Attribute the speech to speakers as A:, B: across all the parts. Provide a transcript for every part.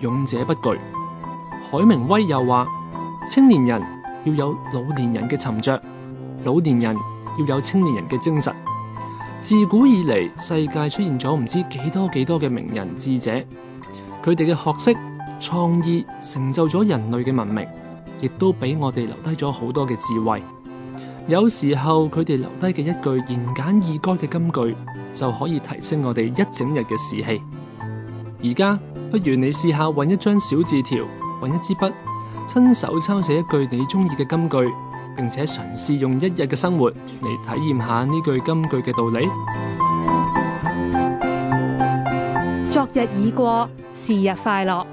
A: 勇者不懼，海明威又話：青年人要有老年人嘅沉着，老年人要有青年人嘅精神。自古以嚟，世界出現咗唔知幾多幾多嘅名人智者，佢哋嘅學識、創意成就咗人類嘅文明，亦都俾我哋留低咗好多嘅智慧。有時候，佢哋留低嘅一句言簡意賅嘅金句，就可以提升我哋一整日嘅士氣。而家，不如你試下揾一張小字條，揾一支筆，親手抄寫一句你中意嘅金句，並且嘗試用一日嘅生活嚟體驗下呢句金句嘅道理。
B: 昨日已過，是日快樂。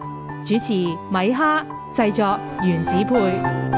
B: 主持米哈，製作原子配。